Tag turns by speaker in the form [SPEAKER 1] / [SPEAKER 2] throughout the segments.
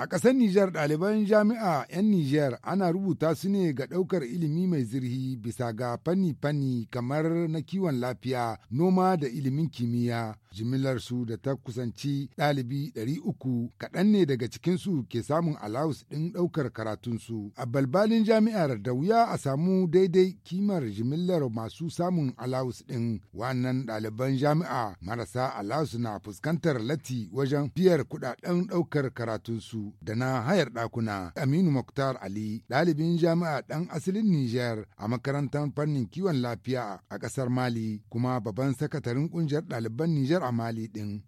[SPEAKER 1] A ƙasar Nijar ɗaliban jami'a 'yan Nijar ana rubuta su ne ga ɗaukar ilimi mai zirhi bisa ga fanni-fanni kamar na kiwon lafiya, noma da ilimin kimiyya. jimilar su da ta kusanci ɗalibi 300 kaɗan ne daga cikinsu ke samun alawus ɗin ɗaukar karatunsu. A balbalin jami'ar da wuya a samu daidai kimar jimillar masu samun alawus ɗin. Wannan ɗaliban jami'a marasa alaus na fuskantar lati wajen biyar kuɗaɗen ɗaukar karatunsu. da na hayar ɗakuna. Aminu Muktar Ali, ɗalibin jami'a ɗan asalin niger a makarantar fannin kiwon lafiya a ƙasar Mali, kuma babban sakatarin ƙungiyar ɗaliban niger a Mali ɗin.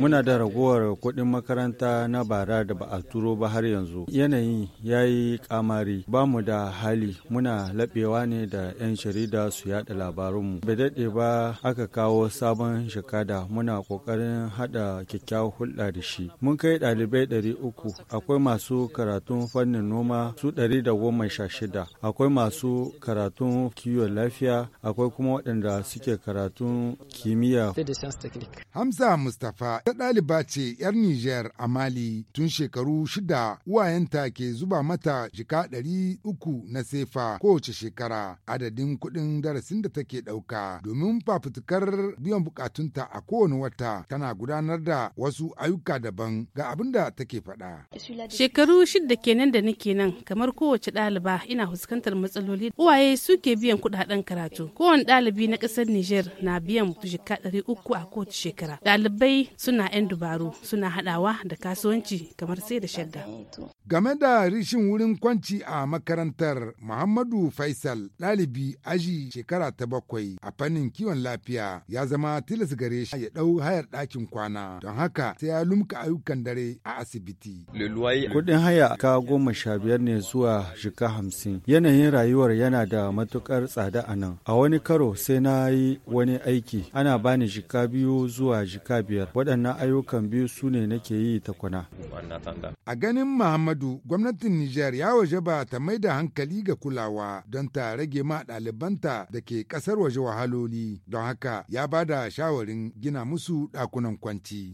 [SPEAKER 2] Muna da ragowar kuɗin makaranta na bara da ba a turo ba har yanzu. yanayin ya yi ƙamari, ba mu da hali, muna laɓewa ne da 'yan jarida su yaɗa labarunmu. Bai daɗe ba aka kawo sabon shekada muna ƙoƙarin haɗa kyakkyawar hulɗa da shi. Mun kai ɗalibai ɗari uku uku, akwai masu karatun fannin noma su ɗari da goma sha shida, akwai masu karatun kiwon lafiya, akwai kuma waɗanda suke karatun kimiyya.
[SPEAKER 1] Hamza Mustapha ta ɗaliba ce 'yar Nijar a Mali tun shekaru shida uwayenta ke zuba mata jika ɗari uku na sefa kowace shekara adadin kuɗin darasin da take ɗauka domin fafutukar biyan bukatunta a kowane wata tana gudanar da wasu ayyuka daban ga abin da take faɗa.
[SPEAKER 3] Shekaru shida kenan da nake nan kamar kowace ɗaliba ina fuskantar matsaloli uwaye suke biyan kuɗaɗen karatu. Kowane ɗalibi na ƙasar Nijar na biyan jika ɗari uku a kowace shekara. Ɗalibai suna 'yan dubaru suna haɗawa da kasuwanci kamar sai da shadda.
[SPEAKER 1] Game da rishin wurin kwanci a makarantar Muhammadu Faisal ɗalibi aji shekara ta bakwai a fannin kiwon lafiya ya zama tilas gare shi ya ɗau hayar ɗakin kwana don haka sai ya lumka ayyukan dare a asibiti.
[SPEAKER 2] Kudin haya ka goma sha biyar ne zuwa shika hamsin. Yanayin rayuwar yana da matukar tsada a nan. A wani karo sai na yi wani aiki ana bani shika biyu zuwa shika biyar. Waɗannan ayyukan biyu su ne nake yi ta takwana. A
[SPEAKER 1] ganin Muhammadu gwamnatin Nijar ya waje ba ta mai da hankali ga kulawa don ta rage ma ɗalibanta da ke ƙasar waje wahaloli. Don haka ya ba da shawarin gina musu ɗakunan kwanci.